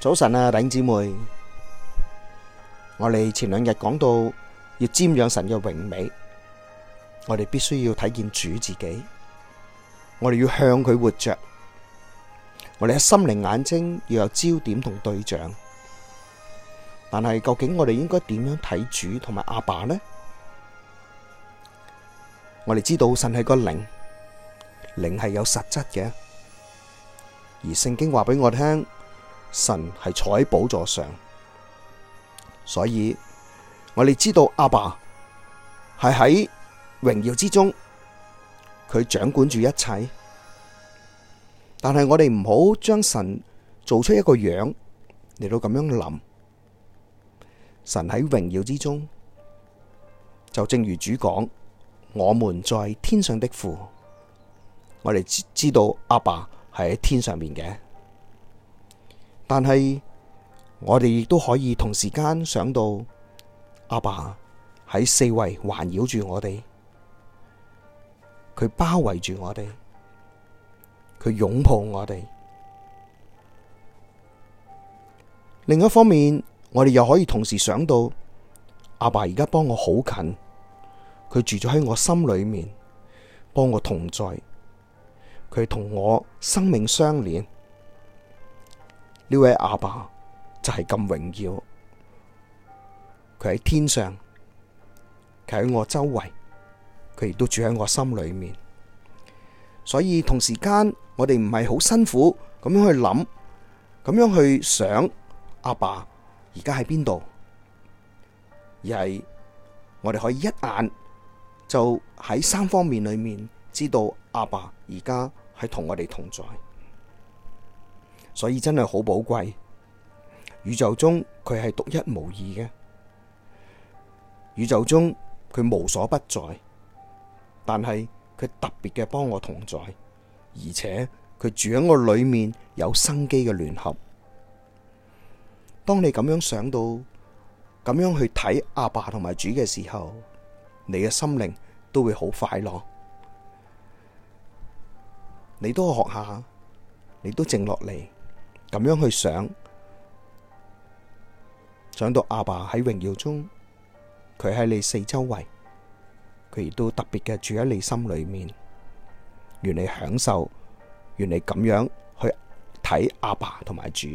早晨啊，弟兄姊妹，我哋前兩日講到要瞻仰神嘅榮美，我哋必須要睇見主自己，我哋要向佢活着，我哋嘅心靈眼睛要有焦點同對象，但係究竟我哋應該點樣睇主同埋阿爸呢？我哋知道神係個靈，靈係有實質嘅，而聖經話俾我聽。神係坐喺寶座上，所以我哋知道阿爸係喺榮耀之中，佢掌管住一切。但係我哋唔好將神做出一個樣嚟，到咁樣諗。神喺榮耀之中，就正如主講，我們在天上的父。我哋知知道阿爸係喺天上面嘅。但係，我哋亦都可以同時間想到阿爸喺四圍環繞住我哋，佢包圍住我哋，佢擁抱我哋。另一方面，我哋又可以同時想到阿爸而家幫我好近，佢住咗喺我心裏面，幫我同在，佢同我生命相連。呢位阿爸就係咁榮耀，佢喺天上，佢喺我周圍，佢亦都住喺我心裏面，所以同時間我哋唔係好辛苦咁樣去諗，咁樣去想阿爸而家喺邊度，而係我哋可以一眼就喺三方面裏面知道阿爸而家係同我哋同在。所以真係好寶貴，宇宙中佢係獨一無二嘅，宇宙中佢無所不在，但係佢特別嘅幫我同在，而且佢住喺我裏面有生機嘅聯合。當你咁樣想到，咁樣去睇阿爸同埋主嘅時候，你嘅心靈都會好快樂。你都學下，你都靜落嚟。咁樣去想，想到阿爸喺榮耀中，佢喺你四周圍，佢亦都特別嘅住喺你心裏面，願你享受，願你咁樣去睇阿爸同埋主。